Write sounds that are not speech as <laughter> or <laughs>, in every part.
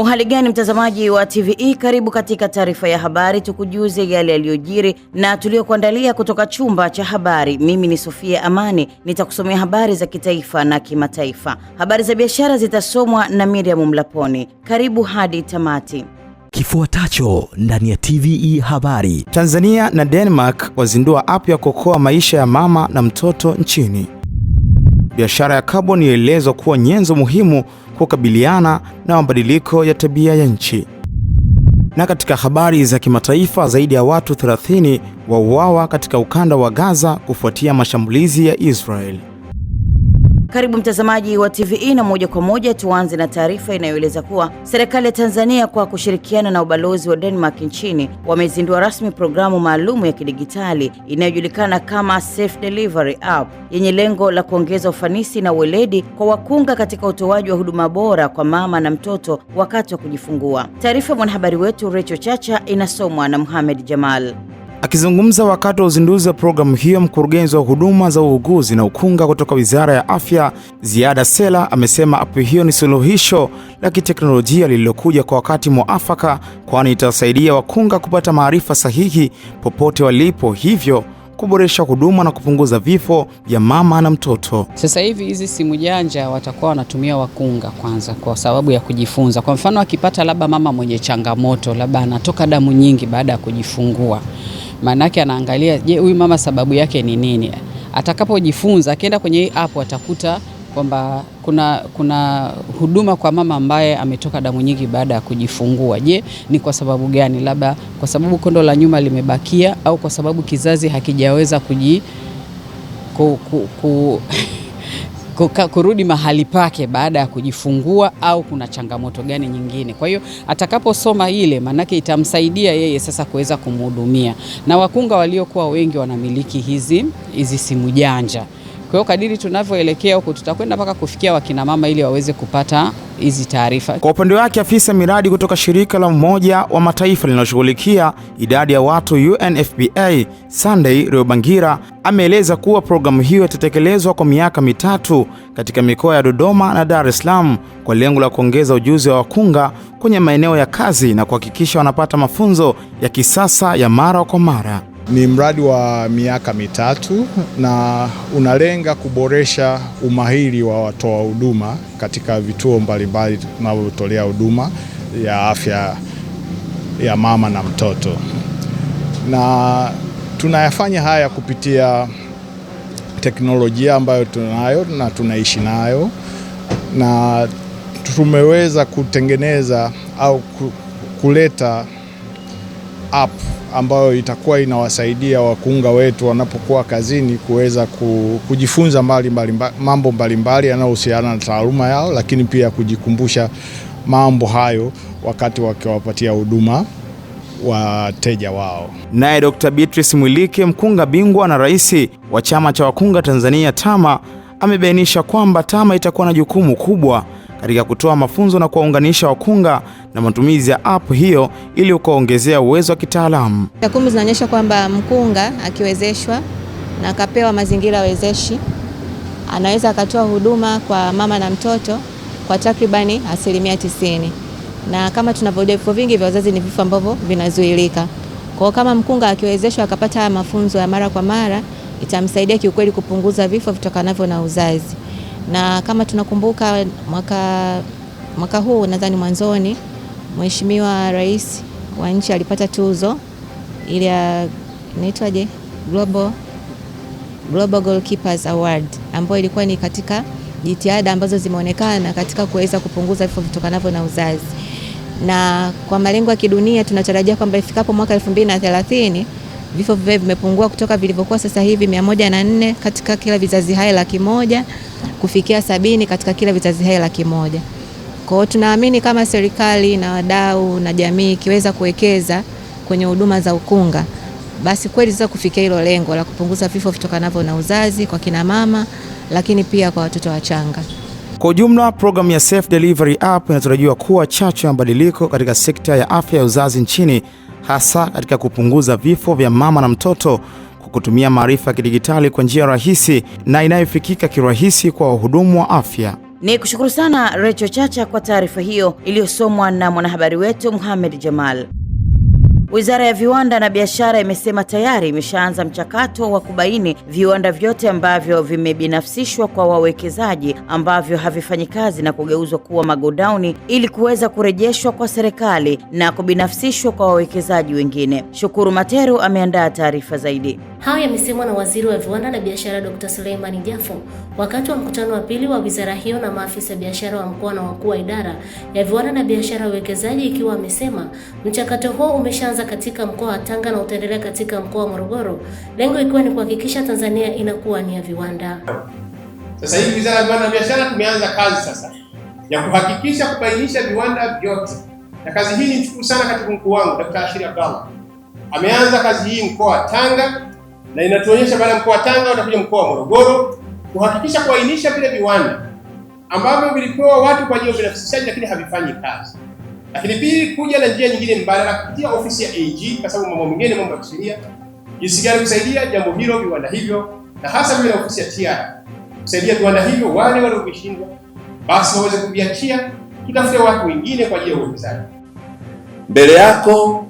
Uhali gani mtazamaji wa TVE, karibu katika taarifa ya habari, tukujuze yale yaliyojiri na tuliyokuandalia kutoka chumba cha habari. Mimi ni Sofia Amani, nitakusomea habari za kitaifa na kimataifa. Habari za biashara zitasomwa na Miriam Mlaponi. Karibu hadi tamati. Kifuatacho ndani ya TVE habari. Tanzania na Denmark wazindua app ya kuokoa maisha ya mama na mtoto nchini. Biashara ya kaboni yaelezwa kuwa nyenzo muhimu kukabiliana na mabadiliko ya tabia ya nchi. Na katika habari za kimataifa, zaidi ya watu 30 wauawa katika ukanda wa Gaza kufuatia mashambulizi ya Israeli. Karibu mtazamaji wa TVE na moja kwa moja tuanze na taarifa inayoeleza kuwa serikali ya Tanzania kwa kushirikiana na ubalozi wa Denmark nchini wamezindua rasmi programu maalum ya kidigitali inayojulikana kama Safe Delivery App yenye lengo la kuongeza ufanisi na uweledi kwa wakunga katika utoaji wa huduma bora kwa mama na mtoto wakati wa kujifungua. Taarifa ya mwanahabari wetu Recho Chacha inasomwa na Mohamed Jamal. Akizungumza wakati wa uzinduzi wa programu hiyo, mkurugenzi wa huduma za uuguzi na ukunga kutoka Wizara ya Afya, Ziada Sela, amesema app hiyo ni suluhisho la kiteknolojia lililokuja kwa wakati mwafaka, kwani itawasaidia wakunga kupata maarifa sahihi popote walipo, hivyo kuboresha huduma na kupunguza vifo vya mama na mtoto. Sasa hivi hizi simu janja watakuwa wanatumia wakunga kwanza, kwa sababu ya kujifunza. Kwa mfano, akipata labda mama mwenye changamoto, labda anatoka damu nyingi baada ya kujifungua Maanake anaangalia je, huyu mama sababu yake ni nini? Atakapojifunza akienda kwenye hii app atakuta kwamba kuna, kuna huduma kwa mama ambaye ametoka damu nyingi baada ya kujifungua. Je, ni kwa sababu gani? Labda kwa sababu kondo la nyuma limebakia au kwa sababu kizazi hakijaweza kuji ku, ku, ku <laughs> kurudi mahali pake baada ya kujifungua au kuna changamoto gani nyingine. Kwa hiyo atakaposoma ile, maanake itamsaidia yeye sasa kuweza kumhudumia, na wakunga waliokuwa wengi wanamiliki hizi hizi simu janja. Kwa hiyo kadiri tunavyoelekea huko tutakwenda mpaka kufikia wakinamama ili waweze kupata hizi taarifa. Kwa upande wake, afisa miradi kutoka shirika la Umoja wa Mataifa linaloshughulikia idadi ya watu UNFPA, Sunday Riobangira, ameeleza kuwa programu hiyo itatekelezwa kwa miaka mitatu katika mikoa ya Dodoma na Dar es Salaam kwa lengo la kuongeza ujuzi wa wakunga kwenye maeneo ya kazi na kuhakikisha wanapata mafunzo ya kisasa ya mara kwa mara. Ni mradi wa miaka mitatu na unalenga kuboresha umahiri wa watoa huduma katika vituo mbalimbali tunavyotolea huduma ya afya ya mama na mtoto, na tunayafanya haya kupitia teknolojia ambayo tunayo na tunaishi nayo, na tumeweza kutengeneza au kuleta app ambayo itakuwa inawasaidia wakunga wetu wanapokuwa kazini kuweza kujifunza mbali mbali, mambo mbalimbali yanayohusiana na taaluma yao, lakini pia kujikumbusha mambo hayo wakati wakiwapatia huduma wateja wao. Naye Dr. Beatrice Mwilike, mkunga bingwa na rais wa chama cha wakunga Tanzania TAMA, amebainisha kwamba TAMA itakuwa na jukumu kubwa katika kutoa mafunzo na kuwaunganisha wakunga na matumizi ya app hiyo ili kuwaongezea uwezo wa kitaalamu. Takwimu zinaonyesha kwamba mkunga akiwezeshwa na akapewa mazingira wezeshi anaweza akatoa huduma kwa mama na mtoto kwa takribani asilimia tisini, na kama tunavyojua vifo vingi vya uzazi ni vifo ambavyo vinazuilika. Kwa hiyo kama mkunga akiwezeshwa akapata haya mafunzo ya mara kwa mara itamsaidia kiukweli kupunguza vifo vitokanavyo na uzazi na kama tunakumbuka mwaka, mwaka huu nadhani mwanzoni Mheshimiwa Rais wa nchi alipata tuzo ile ya inaitwaje, Global, Global Goalkeepers Award ambayo ilikuwa ni katika jitihada ambazo zimeonekana katika kuweza kupunguza vifo vitokanavyo na uzazi, na kwa malengo ya kidunia tunatarajia kwamba ifikapo mwaka 2030 vifo vimepungua kutoka vilivyokuwa sasa hivi mia moja na nne katika kila vizazi hai laki moja kufikia sabini katika kila vizazi hai laki moja. Kwa hiyo tunaamini kama serikali na wadau na jamii ikiweza kuwekeza kwenye huduma za ukunga, basi kweli sasa kufikia hilo lengo la kupunguza vifo vitokanavyo na uzazi kwa kina mama, lakini pia kwa watoto wachanga. Kwa ujumla, programu ya Safe Delivery App inatarajiwa kuwa chachu ya mabadiliko katika sekta ya afya ya uzazi nchini, hasa katika kupunguza vifo vya mama na mtoto kwa kutumia maarifa ya kidigitali kwa njia rahisi na inayofikika kirahisi kwa wahudumu wa afya. Ni kushukuru sana Recho Chacha kwa taarifa hiyo iliyosomwa na mwanahabari wetu muhamed Jamal. Wizara ya Viwanda na Biashara imesema tayari imeshaanza mchakato wa kubaini viwanda vyote ambavyo vimebinafsishwa kwa wawekezaji ambavyo havifanyi kazi na kugeuzwa kuwa magodauni ili kuweza kurejeshwa kwa serikali na kubinafsishwa kwa wawekezaji wengine. Shukuru Materu ameandaa taarifa zaidi. Hayo yamesemwa na Waziri wa Viwanda na Biashara Dr. Suleimani Jafo wakati wa mkutano wa pili wa wizara hiyo na maafisa biashara wa mkoa na wakuu wa idara ya viwanda na biashara ya uwekezaji, ikiwa amesema mchakato huo umeshaanza katika mkoa wa Tanga na utaendelea katika mkoa wa Morogoro, lengo ikiwa ni kuhakikisha Tanzania inakuwa ni ya viwanda. Sasa hivi wizara ya viwanda na biashara tumeanza kazi sasa ya kuhakikisha kubainisha viwanda vyote, na kazi hii ni sana katibu mkuu wangu Dr. Ashiri Abdalla ameanza kazi hii mkoa wa Tanga na inatuonyesha baada ya mkoa wa Tanga utakuja mkoa wa Morogoro kuhakikisha kuainisha vile viwanda ambavyo vilipewa watu kwa ajili ya ubinafsishaji lakini havifanyi kazi. Lakini pili, kuja na njia nyingine mbadala kupitia ofisi ya AG, kwa sababu mambo mengine, mambo ya kisheria, jinsi gani kusaidia jambo hilo, viwanda hivyo, na hasa vile ofisi ya TIA kusaidia viwanda hivyo, wale waliovishindwa basi waweze kuviachia, tutafute watu wengine kwa ajili ya uwekezaji mbele yako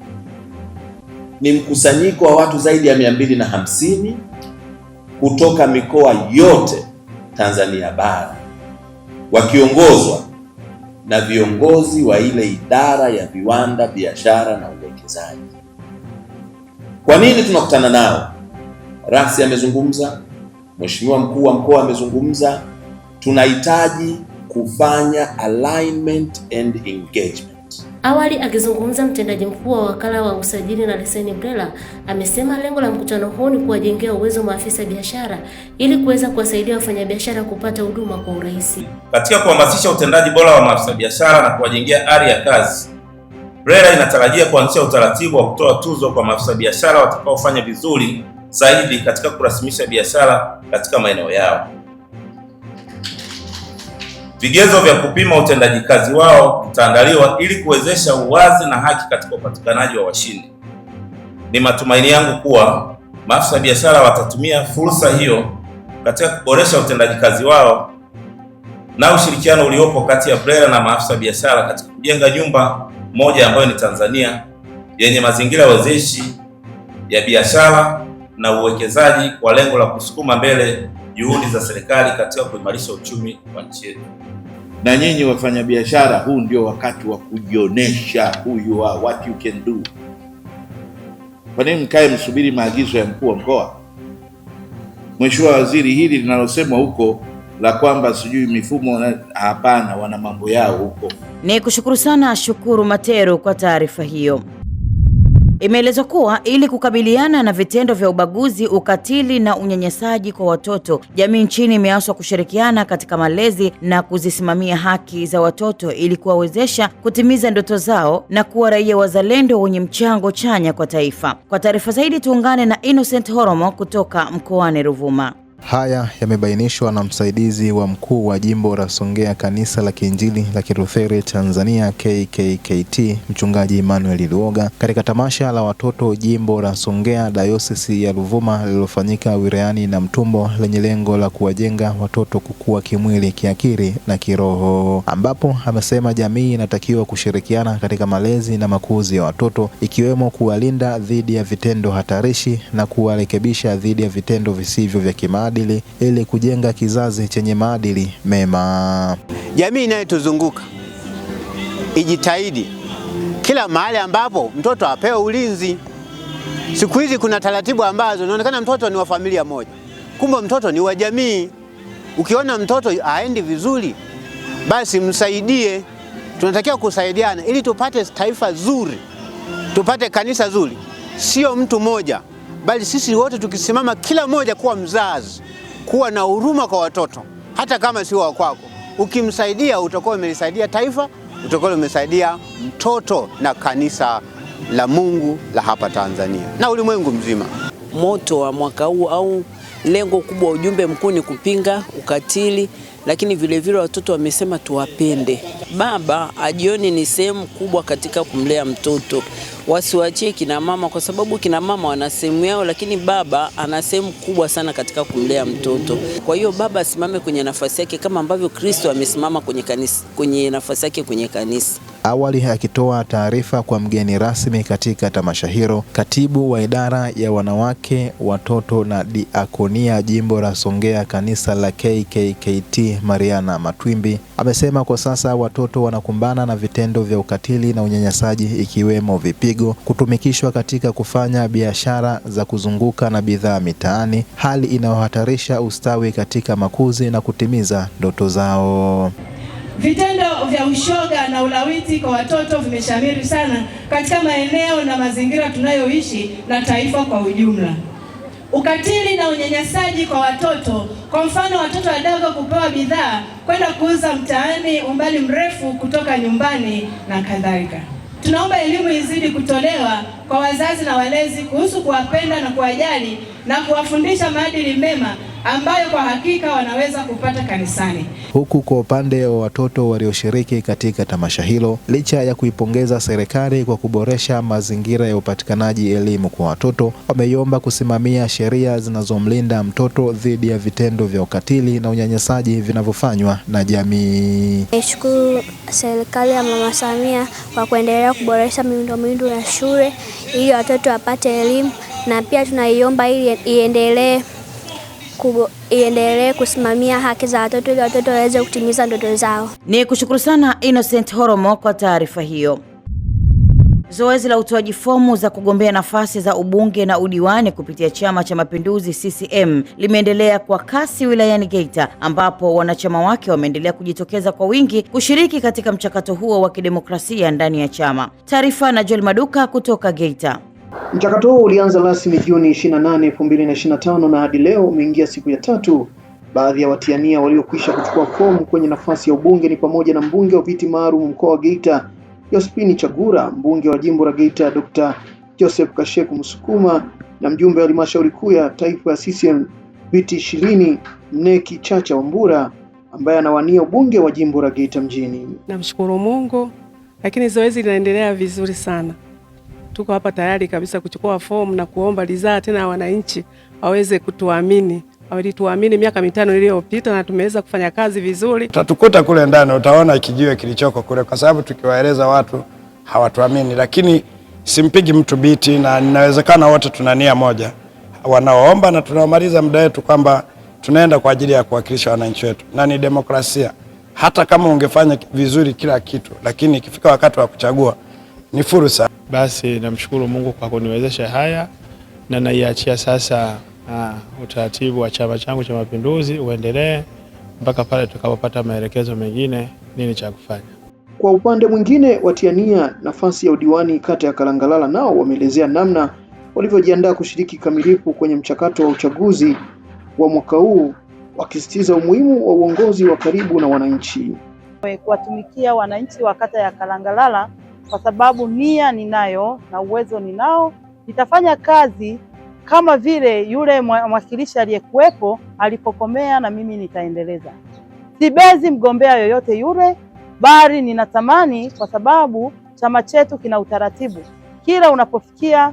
ni mkusanyiko wa watu zaidi ya 250 kutoka mikoa yote Tanzania bara wakiongozwa na viongozi wa ile idara ya viwanda, biashara na uwekezaji. Kwa nini tunakutana nao? Rasi amezungumza, Mheshimiwa mkuu wa mkoa amezungumza, tunahitaji kufanya alignment and engagement. Awali akizungumza mtendaji mkuu wa wakala wa usajili na leseni BRELA amesema lengo la mkutano huu ni kuwajengea uwezo maafisa biashara ili kuweza kuwasaidia wafanyabiashara kupata huduma kwa urahisi. Katika kuhamasisha utendaji bora wa maafisa biashara na kuwajengea ari ya kazi, BRELA inatarajia kuanzisha utaratibu wa kutoa tuzo kwa maafisa biashara watakaofanya vizuri zaidi katika kurasimisha biashara katika maeneo yao. Vigezo vya kupima utendaji kazi wao vitaandaliwa ili kuwezesha uwazi na haki katika upatikanaji wa washindi. Ni matumaini yangu kuwa maafisa biashara watatumia fursa hiyo katika kuboresha utendaji kazi wao na ushirikiano uliopo kati ya BRELA na maafisa biashara katika kujenga nyumba moja ambayo ni Tanzania yenye mazingira wezeshi ya biashara na uwekezaji kwa lengo la kusukuma mbele juhudi za serikali katika kuimarisha uchumi wa nchi yetu. Na nyinyi wafanyabiashara, huu ndio wakati wa kujionyesha, who you are, what you can do. Kwa nini mkae msubiri maagizo ya mkuu wa mkoa? Mheshimiwa Waziri, hili linalosemwa huko la kwamba sijui mifumo, hapana, wana mambo yao huko. Ni kushukuru sana Shukuru Matero kwa taarifa hiyo. Imeelezwa kuwa ili kukabiliana na vitendo vya ubaguzi, ukatili na unyanyasaji kwa watoto, jamii nchini imeaswa kushirikiana katika malezi na kuzisimamia haki za watoto ili kuwawezesha kutimiza ndoto zao na kuwa raia wazalendo wenye mchango chanya kwa taifa. Kwa taarifa zaidi tuungane na Innocent Horomo kutoka mkoani Ruvuma. Haya yamebainishwa na msaidizi wa mkuu wa jimbo la Songea kanisa la Kiinjili la Kilutheri Tanzania KKKT Mchungaji Emmanuel Luoga katika tamasha la watoto jimbo la Songea dayosisi ya Ruvuma lililofanyika wilayani mtumbo lenye lengo la kuwajenga watoto kukua kimwili, kiakili na kiroho, ambapo amesema jamii inatakiwa kushirikiana katika malezi na makuzi ya watoto ikiwemo kuwalinda dhidi ya vitendo hatarishi na kuwarekebisha dhidi ya vitendo visivyo vya kimali maadili ili kujenga kizazi chenye maadili mema. Jamii inayotuzunguka ijitahidi kila mahali ambapo mtoto apewe ulinzi. Siku hizi kuna taratibu ambazo inaonekana mtoto ni wa familia moja, kumbe mtoto ni wa jamii. Ukiona mtoto aendi vizuri, basi msaidie. Tunatakiwa kusaidiana ili tupate taifa zuri, tupate kanisa zuri, sio mtu mmoja bali sisi wote tukisimama, kila mmoja kuwa mzazi, kuwa na huruma kwa watoto, hata kama sio wa kwako, ukimsaidia utakuwa umelisaidia taifa, utakuwa umesaidia mtoto na kanisa la Mungu la hapa Tanzania na ulimwengu mzima. Moto wa mwaka huu au lengo kubwa, ujumbe mkuu ni kupinga ukatili lakini vilevile watoto wamesema tuwapende. Baba ajioni ni sehemu kubwa katika kumlea mtoto, wasiwachie kina mama, kwa sababu kina mama wana sehemu yao, lakini baba ana sehemu kubwa sana katika kumlea mtoto. Kwa hiyo baba asimame kwenye nafasi yake kama ambavyo Kristo amesimama kwenye kanisa, kwenye nafasi yake kwenye kanisa. Awali akitoa taarifa kwa mgeni rasmi katika tamasha hilo, katibu wa idara ya wanawake, watoto na diakonia jimbo la Songea kanisa la KKKT Mariana Matwimbi amesema kwa sasa watoto wanakumbana na vitendo vya ukatili na unyanyasaji ikiwemo vipigo, kutumikishwa katika kufanya biashara za kuzunguka na bidhaa mitaani, hali inayohatarisha ustawi katika makuzi na kutimiza ndoto zao. Vitendo vya ushoga na ulawiti kwa watoto vimeshamiri sana katika maeneo na mazingira tunayoishi na taifa kwa ujumla. Ukatili na unyanyasaji kwa watoto, kwa mfano watoto wadogo kupewa bidhaa kwenda kuuza mtaani umbali mrefu kutoka nyumbani na kadhalika. Tunaomba elimu izidi kutolewa kwa wazazi na walezi kuhusu kuwapenda na kuwajali na kuwafundisha maadili mema ambayo kwa hakika wanaweza kupata kanisani. Huku kwa upande wa watoto walioshiriki katika tamasha hilo, licha ya kuipongeza serikali kwa kuboresha mazingira ya upatikanaji elimu kwa watoto, wameiomba kusimamia sheria zinazomlinda mtoto dhidi ya vitendo vya ukatili na unyanyasaji vinavyofanywa na jamii. Nashukuru serikali ya Mama Samia kwa kuendelea kuboresha miundombinu ya shule ili watoto wapate elimu na pia tunaiomba ili iendelee iendelee kusimamia haki za watoto ili watoto waweze kutimiza ndoto zao. Ni kushukuru sana Innocent Horomo kwa taarifa hiyo. Zoezi la utoaji fomu za kugombea nafasi za ubunge na udiwani kupitia Chama cha Mapinduzi CCM limeendelea kwa kasi wilayani Geita, ambapo wanachama wake wameendelea kujitokeza kwa wingi kushiriki katika mchakato huo wa kidemokrasia ndani ya chama. Taarifa na Joel Maduka kutoka Geita. Mchakato huo ulianza rasmi Juni 28, 2025 na hadi leo umeingia siku ya tatu. Baadhi ya watiania waliokwisha kuchukua fomu kwenye nafasi ya ubunge ni pamoja na mbunge wa viti maalum mkoa wa Geita yospini Chagura, mbunge wa jimbo la Geita Dr. Joseph Kasheku Msukuma na mjumbe wa halmashauri kuu ya taifa ya CCM viti ishirini Mneki Chacha Wambura ambaye anawania ubunge wa jimbo la Geita mjini. Namshukuru Mungu, lakini zoezi linaendelea vizuri sana tuko hapa tayari kabisa kuchukua fomu na kuomba ridhaa tena wananchi waweze kutuamini. Walituamini miaka mitano iliyopita na tumeweza kufanya kazi vizuri. Utatukuta kule ndani, utaona kijiwe kilichoko kule, kwa sababu tukiwaeleza watu hawatuamini, lakini simpigi mtu biti, na inawezekana wote tuna nia moja, wanaoomba na tunaomaliza muda wetu, kwamba tunaenda kwa ajili ya kuwakilisha wananchi wetu, na ni demokrasia. Hata kama ungefanya vizuri kila kitu, lakini ikifika wakati wa kuchagua ni fursa. Basi namshukuru Mungu kwa kuniwezesha haya na naiachia sasa uh, utaratibu wa chama changu cha Mapinduzi uendelee mpaka pale tutakapopata maelekezo mengine nini cha kufanya. Kwa upande mwingine, watiania nafasi ya udiwani kata ya Kalangalala nao wameelezea namna walivyojiandaa kushiriki kikamilifu kwenye mchakato wa uchaguzi wa mwaka huu, wakisisitiza umuhimu wa uongozi wa karibu na wananchi. Kuwatumikia wananchi wa kata ya Kalangalala kwa sababu nia ninayo na uwezo ninao. Nitafanya kazi kama vile yule mwakilishi aliyekuwepo alipokomea, na mimi nitaendeleza. Sibezi mgombea yoyote yule, bali ninatamani, kwa sababu chama chetu kina utaratibu, kila unapofikia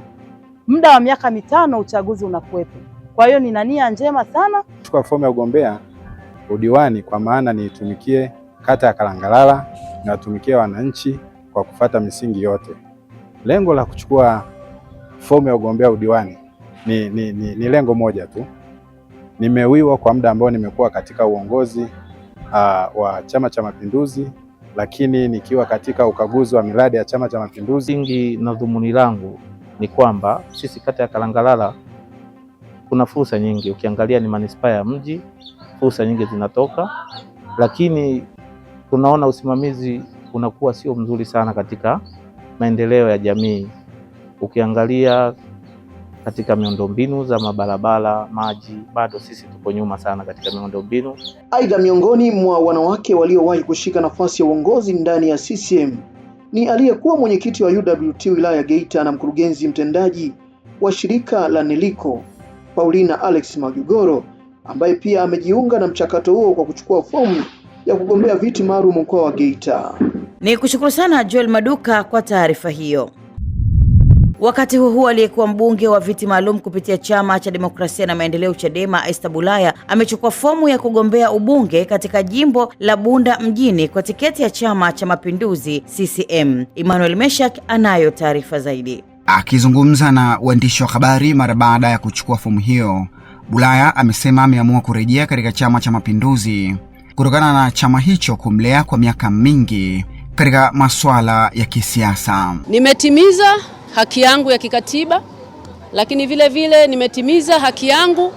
muda wa miaka mitano uchaguzi unakuwepo. Kwa hiyo nina nia njema sana kuchukua fomu ya ugombea udiwani, kwa maana niitumikie kata ya Kalangalala, niwatumikie wananchi kwa kufata misingi yote. Lengo la kuchukua fomu ya ugombea udiwani ni, ni, ni, ni lengo moja tu. Nimewiwa kwa muda ambao nimekuwa katika uongozi aa, ah, wa Chama cha Mapinduzi, lakini nikiwa katika ukaguzi wa miradi ya Chama cha Mapinduzi. Msingi na dhumuni langu ni kwamba sisi kata ya Kalangalala kuna fursa nyingi, ukiangalia ni manispaa ya mji, fursa nyingi zinatoka, lakini tunaona usimamizi unakuwa sio mzuri sana katika maendeleo ya jamii. Ukiangalia katika miundombinu za mabarabara, maji, bado sisi tuko nyuma sana katika miundombinu. Aidha, miongoni mwa wanawake waliowahi kushika nafasi ya uongozi ndani ya CCM ni aliyekuwa mwenyekiti wa UWT wilaya ya Geita na mkurugenzi mtendaji wa shirika la neliko Paulina Alex majugoro ambaye pia amejiunga na mchakato huo kwa kuchukua fomu ya kugombea viti maalum mkoa wa Geita. Ni kushukuru sana Joel Maduka kwa taarifa hiyo. Wakati huo huo, aliyekuwa mbunge wa viti maalum kupitia chama cha demokrasia na maendeleo Chadema, Esther Bulaya amechukua fomu ya kugombea ubunge katika jimbo la Bunda mjini kwa tiketi ya chama cha mapinduzi CCM. Emmanuel Meshak anayo taarifa zaidi. Akizungumza na waandishi wa habari mara baada ya kuchukua fomu hiyo, Bulaya amesema ameamua kurejea katika chama cha mapinduzi kutokana na chama hicho kumlea kwa miaka mingi katika masuala ya kisiasa. Nimetimiza haki yangu ya kikatiba, lakini vile vile nimetimiza haki yangu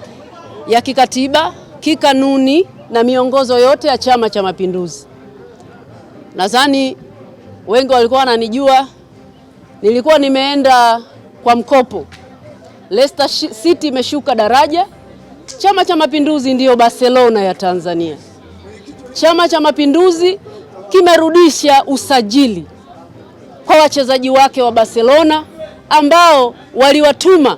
ya kikatiba, kikanuni na miongozo yote ya Chama cha Mapinduzi. Nadhani wengi walikuwa wananijua, nilikuwa nimeenda kwa mkopo. Leicester City imeshuka daraja. Chama cha Mapinduzi ndiyo Barcelona ya Tanzania. Chama cha Mapinduzi kimerudisha usajili kwa wachezaji wake wa Barcelona ambao waliwatuma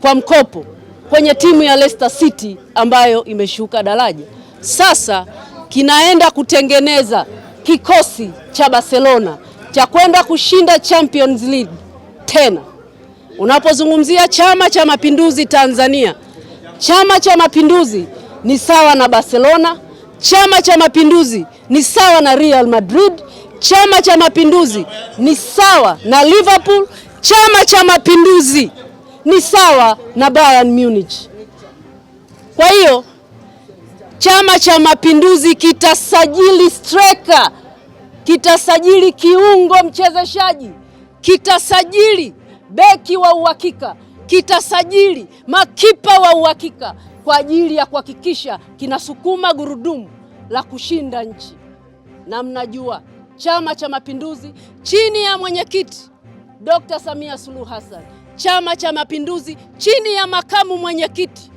kwa mkopo kwenye timu ya Leicester City ambayo imeshuka daraja. Sasa kinaenda kutengeneza kikosi cha Barcelona cha kwenda kushinda Champions League tena. Unapozungumzia Chama cha Mapinduzi Tanzania, Chama cha Mapinduzi ni sawa na Barcelona, Chama cha Mapinduzi ni sawa na Real Madrid. Chama cha Mapinduzi ni sawa na Liverpool. Chama cha Mapinduzi ni sawa na Bayern Munich. Kwa hiyo Chama cha Mapinduzi kitasajili striker, kitasajili kiungo mchezeshaji, kitasajili beki wa uhakika, kitasajili makipa wa uhakika kwa ajili ya kuhakikisha kinasukuma gurudumu la kushinda nchi, na mnajua Chama cha Mapinduzi chini ya mwenyekiti Dr. Samia Suluhu Hassan, Chama cha Mapinduzi chini ya makamu mwenyekiti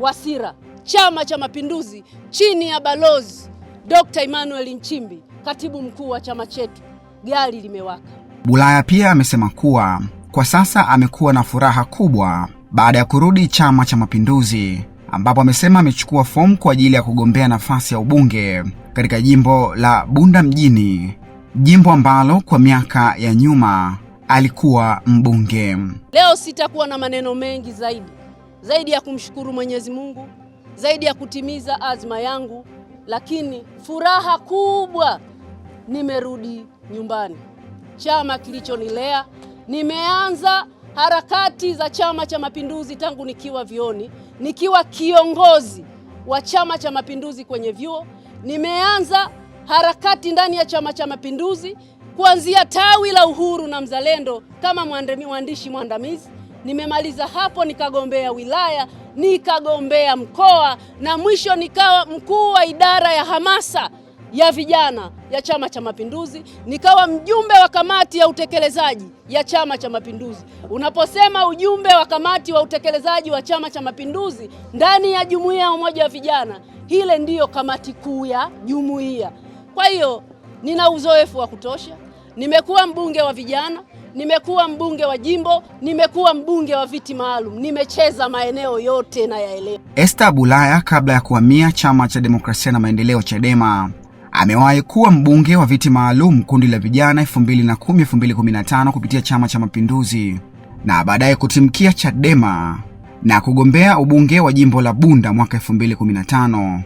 Wasira, Chama cha Mapinduzi chini ya balozi Dr. Emmanuel Nchimbi, katibu mkuu wa chama chetu, gari limewaka. Bulaya pia amesema kuwa kwa sasa amekuwa na furaha kubwa baada ya kurudi Chama cha Mapinduzi ambapo amesema amechukua fomu kwa ajili ya kugombea nafasi ya ubunge katika jimbo la Bunda mjini, jimbo ambalo kwa miaka ya nyuma alikuwa mbunge. Leo sitakuwa na maneno mengi zaidi zaidi ya kumshukuru Mwenyezi Mungu, zaidi ya kutimiza azma yangu, lakini furaha kubwa, nimerudi nyumbani, chama kilichonilea nimeanza harakati za Chama cha Mapinduzi tangu nikiwa vioni, nikiwa kiongozi wa Chama cha Mapinduzi kwenye vyuo. Nimeanza harakati ndani ya Chama cha Mapinduzi kuanzia tawi la Uhuru na Mzalendo kama mwandishi mwandamizi. Nimemaliza hapo nikagombea wilaya, nikagombea mkoa na mwisho nikawa mkuu wa idara ya hamasa ya vijana ya Chama cha Mapinduzi, nikawa mjumbe wa kamati ya utekelezaji ya Chama cha Mapinduzi. Unaposema ujumbe wa kamati wa utekelezaji wa Chama cha Mapinduzi ndani ya jumuiya ya umoja wa vijana, ile ndiyo kamati kuu ya jumuiya. Kwa hiyo nina uzoefu wa kutosha, nimekuwa mbunge wa vijana nimekuwa mbunge wa jimbo, nimekuwa mbunge wa viti maalum, nimecheza maeneo yote na yaelewa. Esther Bulaya kabla ya kuhamia chama cha demokrasia na maendeleo Chadema. Amewahi kuwa mbunge wa viti maalum kundi la vijana 2010 2015 kupitia Chama cha Mapinduzi na baadaye kutimkia Chadema na kugombea ubunge wa jimbo la Bunda mwaka 2015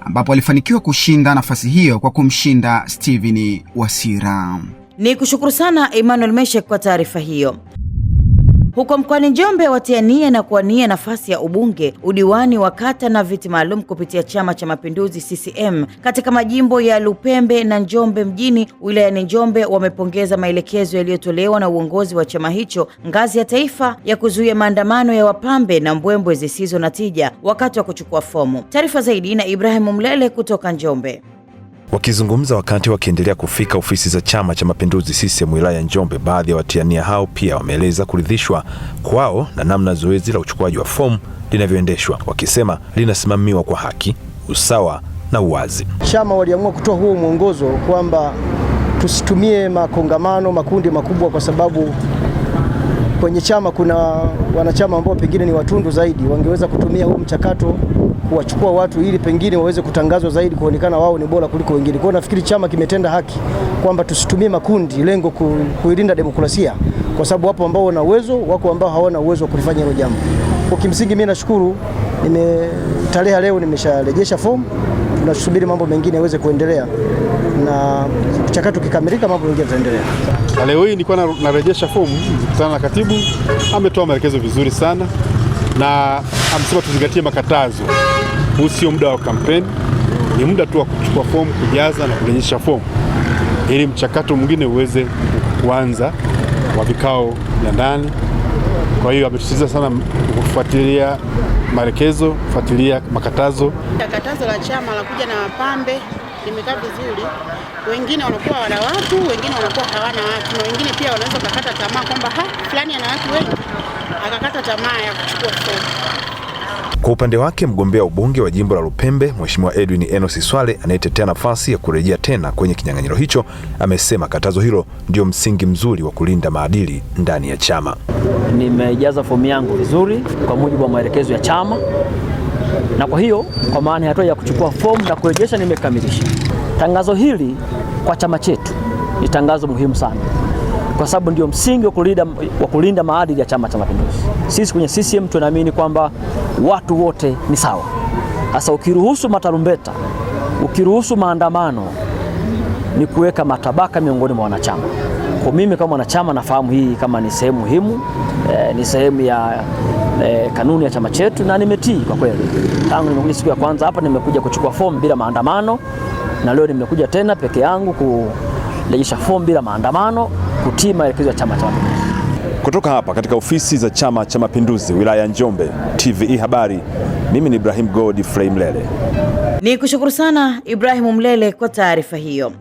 ambapo alifanikiwa kushinda nafasi hiyo kwa kumshinda Steven Wasira. Ni kushukuru sana Emmanuel Meshe kwa taarifa hiyo. Huko mkoani Njombe watia nia na kuwania nafasi ya ubunge, udiwani wa kata na viti maalum kupitia Chama cha Mapinduzi CCM katika majimbo ya Lupembe na Njombe mjini wilayani Njombe wamepongeza maelekezo yaliyotolewa na uongozi wa chama hicho ngazi ya taifa ya kuzuia maandamano ya wapambe na mbwembwe zisizo na tija wakati wa kuchukua fomu. Taarifa zaidi na Ibrahimu Mlele kutoka Njombe. Wakizungumza wakati wakiendelea kufika ofisi za Chama cha Mapinduzi CCM wilaya ya Njombe, baadhi ya watiania hao pia wameeleza kuridhishwa kwao na namna zoezi la uchukuaji wa fomu linavyoendeshwa, wakisema linasimamiwa kwa haki, usawa na uwazi. Chama waliamua kutoa huo mwongozo kwamba tusitumie makongamano, makundi makubwa, kwa sababu kwenye chama kuna wanachama ambao pengine ni watundu zaidi, wangeweza kutumia huu mchakato kuwachukua watu ili pengine waweze kutangazwa zaidi, kuonekana wao ni bora kuliko wengine. Kwa hiyo nafikiri chama kimetenda haki kwamba tusitumie makundi, lengo kuilinda demokrasia, kwa sababu wapo ambao wana uwezo, wako ambao hawana uwezo wa kulifanya hilo jambo. Kwa kimsingi, mimi nashukuru nime tarehe leo nimesharejesha fomu, tunasubiri mambo mengine yaweze kuendelea na mchakato ukikamilika, mambo mengine yataendelea. Leo hii nilikuwa narejesha fomu, nikutana na katibu, ametoa maelekezo vizuri sana na amesema tuzingatie makatazo. Huu sio muda wa kampeni, ni muda tu wa kuchukua fomu, kujaza na kurejesha fomu ili mchakato mwingine uweze kuanza wa vikao vya ndani. Kwa hiyo ametusitiza sana kufuatilia maelekezo, kufuatilia makatazo. Katazo la chama la kuja na wapambe limekaa vizuri. Wengine wanakuwa wana watu, wengine wanakuwa hawana watu, na wengine pia wanaweza kukata tamaa kwamba ha fulani ana watu wengi akakata tamaa ya kuchukua fomu. Kwa upande wake mgombea ubunge wa jimbo la Lupembe Mheshimiwa Edwin Enos Swale anayetetea nafasi ya kurejea tena kwenye kinyang'anyiro hicho amesema katazo hilo ndio msingi mzuri wa kulinda maadili ndani ya chama. Nimejaza fomu yangu vizuri kwa mujibu wa maelekezo ya chama, na kwa hiyo kwa maana ya hatua ya kuchukua fomu na kurejesha nimekamilisha. Tangazo hili kwa chama chetu ni tangazo muhimu sana kwa sababu ndio msingi wa kulinda, wa kulinda maadili ya Chama cha Mapinduzi. Sisi kwenye CCM tunaamini kwamba watu wote ni sawa. Sasa ukiruhusu matarumbeta, ukiruhusu maandamano, ni kuweka matabaka miongoni mwa wanachama. Kwa mimi kama mwanachama nafahamu hii kama ni sehemu muhimu eh, ni sehemu ya eh, kanuni ya chama chetu na nimetii kwa kweli. Tangu nimekuja siku ya kwanza hapa nimekuja kuchukua fomu bila maandamano na leo nimekuja tena peke yangu kurejesha fomu bila maandamano kutii maelekezo ya Chama cha Mapinduzi. Kutoka hapa katika ofisi za Chama cha Mapinduzi wilaya ya Njombe, TVE Habari, mimi ni Ibrahim Godfrey Mlele. Ni kushukuru sana Ibrahimu Mlele kwa taarifa hiyo.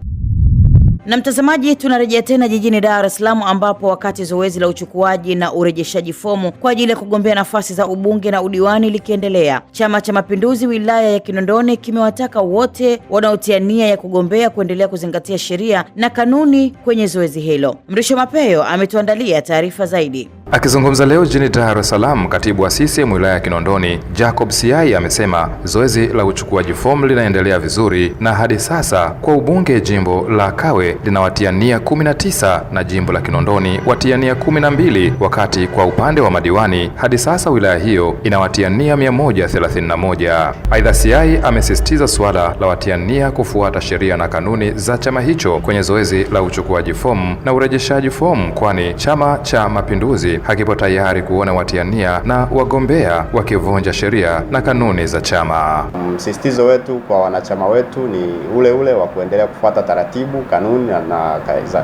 Na mtazamaji, tunarejea tena jijini Dar es Salaam ambapo wakati zoezi la uchukuaji na urejeshaji fomu kwa ajili ya kugombea nafasi za ubunge na udiwani likiendelea, Chama cha Mapinduzi wilaya ya Kinondoni kimewataka wote wanaotia nia ya kugombea kuendelea kuzingatia sheria na kanuni kwenye zoezi hilo. Mrisho Mapeyo ametuandalia taarifa zaidi. Akizungumza leo jijini Dar es Salaam, katibu wa CCM wilaya ya Kinondoni Jacob Siai amesema zoezi la uchukuaji fomu linaendelea vizuri na hadi sasa kwa ubunge jimbo la Kawe linawatia nia kumi na tisa na jimbo la Kinondoni watia nia kumi na mbili wakati kwa upande wa madiwani hadi sasa wilaya hiyo inawatia nia 131. Aidha, Siai amesisitiza suala la watia nia kufuata sheria na kanuni za chama hicho kwenye zoezi la uchukuaji fomu na urejeshaji fomu, kwani Chama cha Mapinduzi hakipo tayari kuona watiania na wagombea wakivunja sheria na kanuni za chama. Msisitizo wetu kwa wanachama wetu ni ule ule wa kuendelea kufuata taratibu, kanuni na,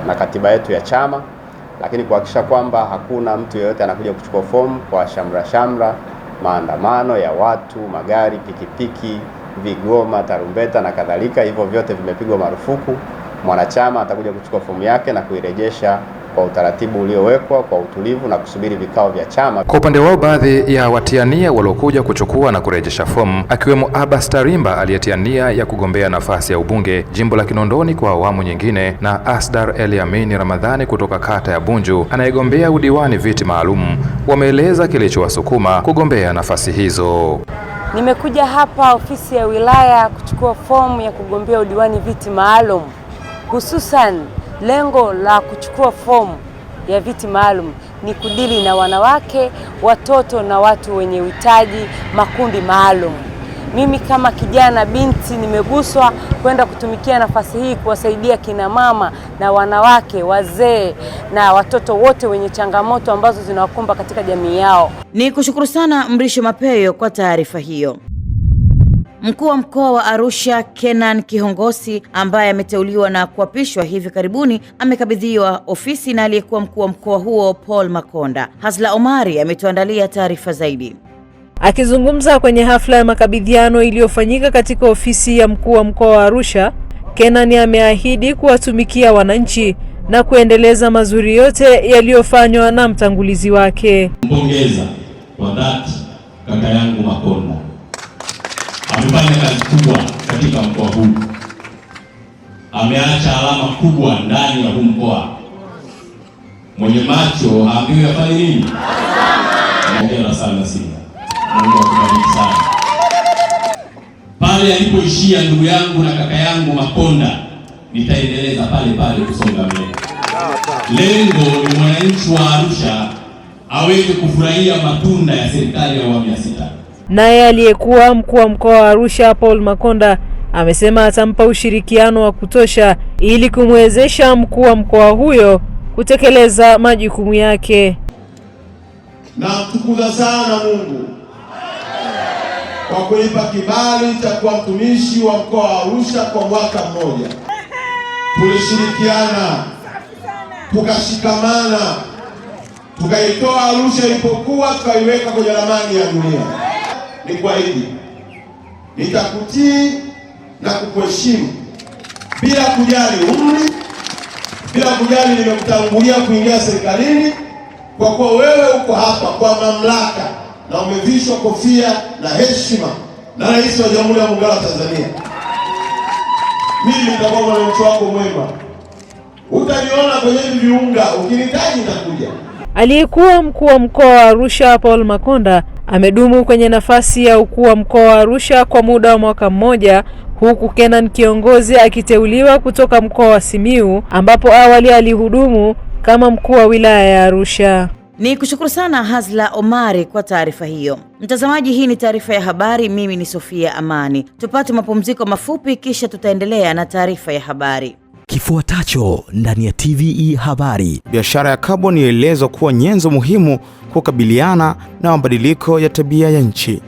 na katiba yetu ya chama, lakini kuhakikisha kwamba hakuna mtu yeyote anakuja kuchukua fomu kwa shamra shamra, maandamano ya watu, magari, pikipiki, vigoma, tarumbeta na kadhalika. Hivyo vyote vimepigwa marufuku. Mwanachama atakuja kuchukua fomu yake na kuirejesha kwa utaratibu uliowekwa kwa utulivu na kusubiri vikao vya chama. Kwa upande wao, baadhi ya watiania waliokuja kuchukua na kurejesha fomu akiwemo Abbas Tarimba aliyetiania ya kugombea nafasi ya ubunge jimbo la Kinondoni kwa awamu nyingine na Asdar Eliamini Ramadhani kutoka kata ya Bunju anayegombea udiwani viti maalum, wameeleza kilichowasukuma kugombea nafasi hizo. Nimekuja hapa ofisi ya wilaya kuchukua fomu ya kugombea udiwani viti maalum hususan Lengo la kuchukua fomu ya viti maalum ni kudili na wanawake, watoto na watu wenye uhitaji, makundi maalum. Mimi kama kijana binti nimeguswa kwenda kutumikia nafasi hii kuwasaidia kina mama na wanawake, wazee na watoto wote wenye changamoto ambazo zinawakumba katika jamii yao. Ni kushukuru sana Mrisho Mapeyo kwa taarifa hiyo. Mkuu wa mkoa wa Arusha Kenan Kihongosi ambaye ameteuliwa na kuapishwa hivi karibuni amekabidhiwa ofisi na aliyekuwa mkuu wa mkoa huo Paul Makonda. hazla Omari ametuandalia taarifa zaidi. Akizungumza kwenye hafla ya makabidhiano iliyofanyika katika ofisi ya mkuu wa mkoa wa Arusha, Kenan ameahidi kuwatumikia wananchi na kuendeleza mazuri yote yaliyofanywa na mtangulizi wake. Mpongeza kwa dhati kaka yangu Makonda amefanya kazi kubwa katika mkoa huu, ameacha alama kubwa ndani ya huu mkoa. Mwenye macho aambiwe afanye nini. Hongera sana Sinda, Mungu akubariki sana. Pale alipoishia ndugu yangu na kaka yangu Makonda, nitaendeleza pale pale kusonga mbele. Lengo ni mwananchi wa Arusha aweze kufurahia matunda ya serikali ya awamu ya sita. Naye aliyekuwa mkuu wa mkoa wa Arusha Paul Makonda amesema atampa ushirikiano wa kutosha ili kumwezesha mkuu wa mkoa huyo kutekeleza majukumu yake. Namtukuza sana Mungu kwa kunipa kibali cha kuwa mtumishi wa mkoa wa Arusha kwa mwaka mmoja. Tulishirikiana, tukashikamana, tukaitoa Arusha ilipokuwa, tukaiweka kwenye ramani ya dunia ni kuahidi nitakutii na kukuheshimu bila kujali umri, bila kujali nimekutangulia kuingia serikalini, kwa kuwa wewe uko hapa kwa mamlaka na umevishwa kofia na heshima na Rais wa Jamhuri ya Muungano wa Tanzania. Mimi nitakuwa mwananchi wako mwema, utaniona kwenye viunga, ukinitaji nitakuja. Aliyekuwa mkuu wa mkoa wa Arusha Paul Makonda Amedumu kwenye nafasi ya ukuu wa mkoa wa Arusha kwa muda wa mwaka mmoja huku Kenan Kiongozi akiteuliwa kutoka mkoa wa Simiu ambapo awali alihudumu kama mkuu wa wilaya ya Arusha. Ni kushukuru sana Hazla Omari kwa taarifa hiyo. Mtazamaji, hii ni taarifa ya habari. Mimi ni Sofia Amani. Tupate mapumziko mafupi, kisha tutaendelea na taarifa ya habari. Kifuatacho ndani ya TVE Habari. Biashara ya kaboni yaelezwa kuwa nyenzo muhimu kukabiliana na mabadiliko ya tabia ya nchi.